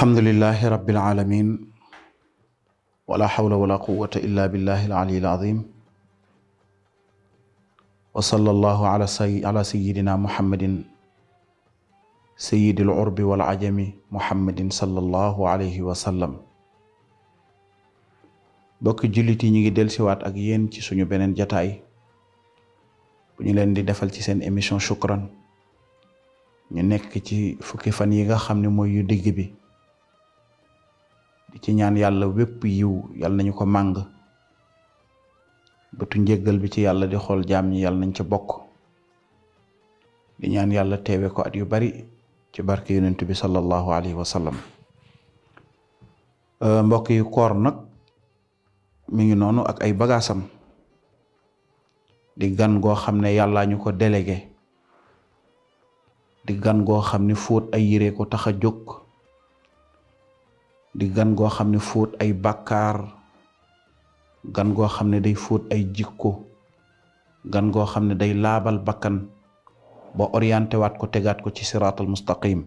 alhamdulilahi rabbil alamin wala hawla wala quwwata illa billahi al-ali al-azim wa sallallahu ala say ala sayyidina muhammadin sayyidil urbi wal ajami muhammadin sallallahu alayhi wa bokki jullit yi ñu ngi dellusiwaat ak yéen ci suñu beneen jataay ñu leen di defal ci seen émission Shukran ñu nekk ci fukki fan yi nga xam ne mooy yu digg bi ci ñaan yàlla wépp yiw yàlla nañu ko màng bëtu njëgal bi ci yàlla di xool jaam ñi yàlla nañ ca bokk di ñaan yàlla teewe ko at yu bari ci barke yonent bi sallallahu alayhi wa sallam euh, mbokk yi koor nag mi ngi noonu ak ay bagaasam di gan goo xam ne yàllaa ñu ko délégué di gan goo xam ne fóot ay yére ko tax a jóg di gan goo xam ne fóot ay bàkkaar gan goo xam ne day fóot ay jikko gan goo xam ne day laabal bakkan ba orienté waat ko tegaat ko ci siraatal mustaqim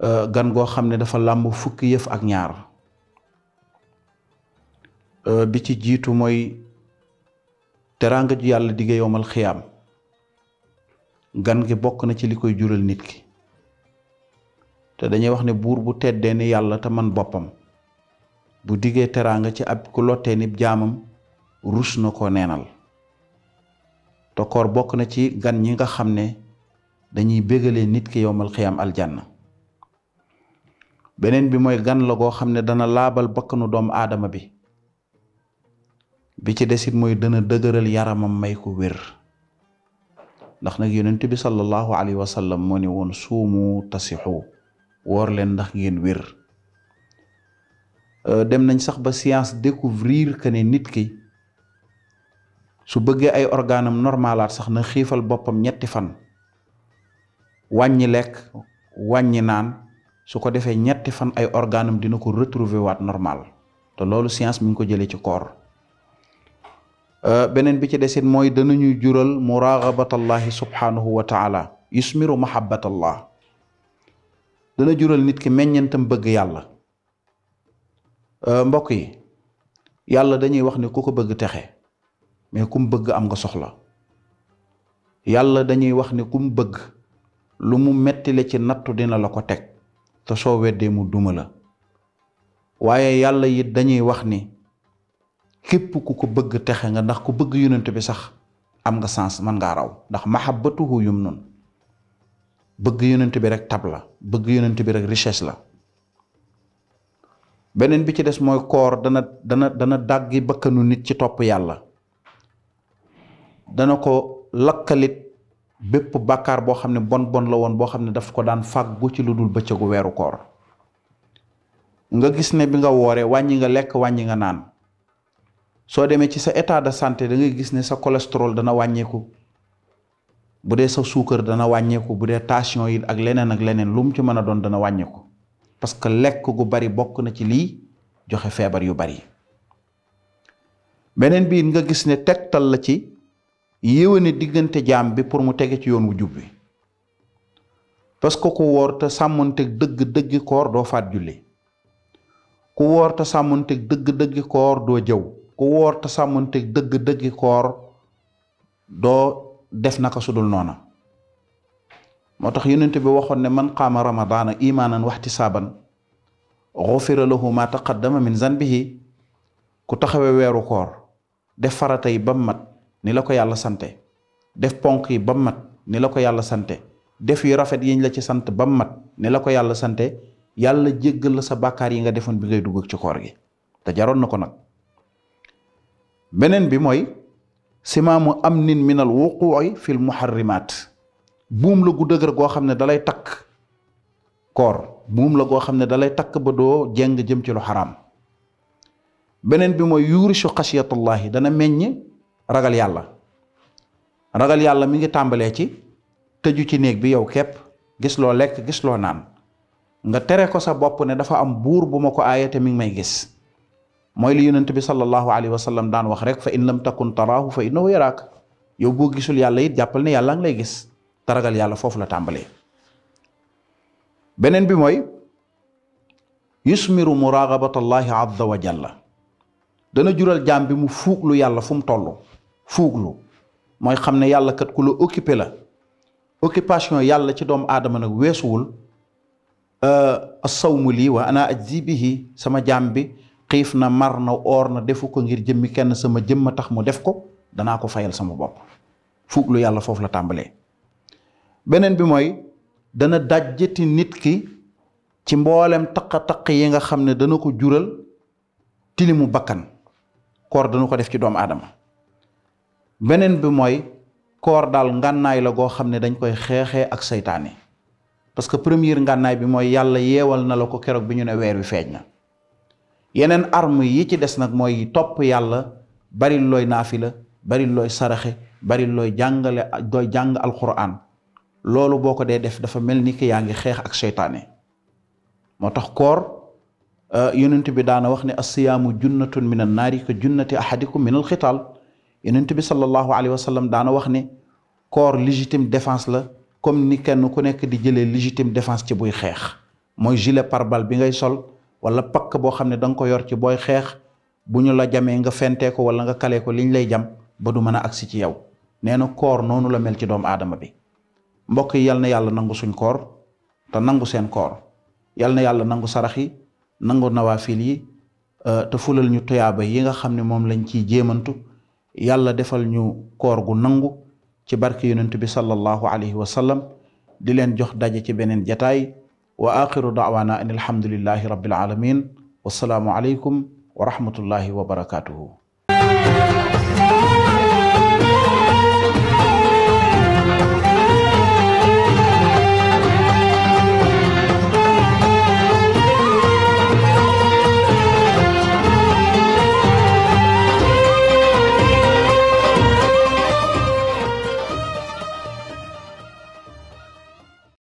euh, gan goo xam ne dafa làmb fukki yëf ak ñaar euh, bi ci jiitu mooy teraanga ju yàlla digge yowmal xiyaam gan gi bokk na ci li koy jural nit ki te dañuy wax ne buur bu teddee ni yàlla te man boppam bu diggee teraanga ci ab ku lottee ni jaamam rus na ko neenal te bokk na ci gan ñi nga xam ne dañuy bégalee nit ki yowmal xiyaam aljanna beneen bi mooy gan la goo xam ne dana laabal bakkanu doomu aadama bi bi ci desit mooy dana dëgëral yaramam may ko wér ndax nag yonent bi sallallahu alayhi wa sallam moo ne woon suumu tasixu woor leen ndax ngeen wér euh, dem nañ sax ba science découvrir que ne nit ki su bëggee ay organam normalaat sax na xiifal boppam ñetti fan wàññi lekk wàññi naan su ko defee ñetti fan ay organam dina ko retrouver waat normal te loolu science mi ngi ko jëlee ci koor euh, beneen bi ci desit mooy danañuy jural muraqabatallahi subhanahu wa taala yusmiru mahabbatallah dana jural nit ki meññentam bëgg yàlla euh, mbokk yi yàlla dañuy wax ne ku ko bëgg texe mais kum bëgg am nga soxla yàlla dañuy wax ne kum bëgg lu mu metti la ci nattu dina la ko teg te soo weddee mu duma la waaye yàlla it dañuy wax ni képp ku ko bëgg texe nga ndax ku bëgg yonent bi sax am nga sens man ngaa raw ndax ma mahabbatuhu yum noonu bëgg yonent bi rek tab la bëgg yonent bi rek richesse la beneen bi ci des mooy koor dana dana dana dàggi bakkanu nit ci topp yàlla dana ko lakkalit bépp bàkkaar boo xam ne bon bon la woon boo xam ne daf ko daan fàggu ci lu dul bëccëgu weeru koor nga gis ne bi nga woore wàññi nga lekk wàññi nga naan soo demee ci sa état de santé dangay gis ne sa cholestérol dana wàññeeku bu dee sa suukar dana wàññeeku bu dee tension yit ak leneen ak leneen lu mu ci mën a doon dana wàññeeku parce que lekk gu bari bokk na ci lii joxe feebar yu bari beneen bi nga gis ne tegtal la ci yéwéne diggante jaam bi pour mu tege ci yoon wu jub bi parce que ku woor sàmmanteeg dëgg-dëggi koor doo faat julli ku woor te doo jëw ku woor te sàmmanteeg dëgg-dëggi koor doo def na ko sudul noona moo tax yonent bi waxoon ne man qaama ramadaana saaban waxtisaaban xufira lahu ma taqaddama min zanbihi ku taxawe weeru koor def farata yi ba mat ni la ko yàlla sante def ponk yi ba mat ni la ko yàlla sante def yu rafet yiñ la ci sant ba mat ni la ko yàlla sante yàlla jéggal la sa bàkkaar yi nga defoon bi ngay dugg ci koor gi te jaroon na ko nag beneen bi mooy simaamu amnin minal wuquu'i fil muharrimaat buum la gu dëgër goo xam ne dalay takk koor buum la goo xam ne dalay takk ba doo jeng jëm ci lu xaraam beneen bi mooy yuurisu xasiyatullahi dana meññ ragal yàlla ragal yàlla mi ngi tàmbalee ci tëju ci néeg bi yow képp gis loo lekk gis loo naan nga tere ko sa bopp ne dafa am buur bu ma ko aaye te mi ngi may gis mooy li yonent bi sallallahu alayhi wa daan wax rek fa in lam takun taraahu fa innahu yaraak yow boo gisul yàlla it jàppal ne yàlla ngi lay gis taragal yàlla foofu la tàmbalee beneen bi mooy yusmiru muraagabatallahi azza wa jalla dana jural jaam bi mu fuuglu yàlla fu mu toll fuuglu mooy xam ne yàlla kat ku la occupé la occupation yàlla ci doom aadama nag weesuwul euh, asawmu lii wa ana ajzi sama jaam bi xiif na mar na oor na defu ko ngir jëmmi kenn sama jëmma tax mu def ko danaa ko fayal sama bopp fuug lu yàlla foofu la tàmbalee beneen bi mooy dana dajjati nit ki ci mboolem taq-taq yi nga xam ne dana ko jural tilimu bakkan koor dana ko def ci doomu aadama beneen bi mooy koor daal ngànnaay la goo xam ne dañ koy xeexee ak seytaane parce que premier ngànnaay bi mooy yàlla yeewal na la ko keroog bi ñu ne weer wi feeñ na yeneen arme yi ci des nag mooy topp yàlla bari looy naafila bari looy saraxe bari looy jàngale dooy jàng alquran loolu boo ko dee def dafa mel ni ki yaa ngi xeex ak seytaane moo tax koor euh, yonent bi daana wax ne asiyaamu junnatun min annaari ka junnati ahadikum min alxital yonent bi sallallahu alayhi daana wax ne koor légitime défense la comme ni kenn ku nekk di jëlee légitime defence ci buy xeex mooy gilet parbal bi ngay sol wala pakk boo xam ne da nga ko yor ci booy xeex bu ñu la jamee nga fentee ko wala nga kalee ko liñ lay jam ba du mën a agsi ci yow nee na koor noonu la mel ci doomu aadama bi mbokk yi yal na yàlla nangu suñ koor te nangu seen koor yal na yàlla nangu sarax yi nangu nawaafil yi euh, te fulal ñu tuyaaba yi nga xam ne moom lañ ciy jéemantu yàlla defal ñu koor gu nangu ci barke yonent bi sallallahu alayhi wa di leen jox daje ci beneen jataay wa axiru daawaana an alhamdulillahi rabbil alamin wassalaamu aleykum wa rahmatullahi wa barakatuhu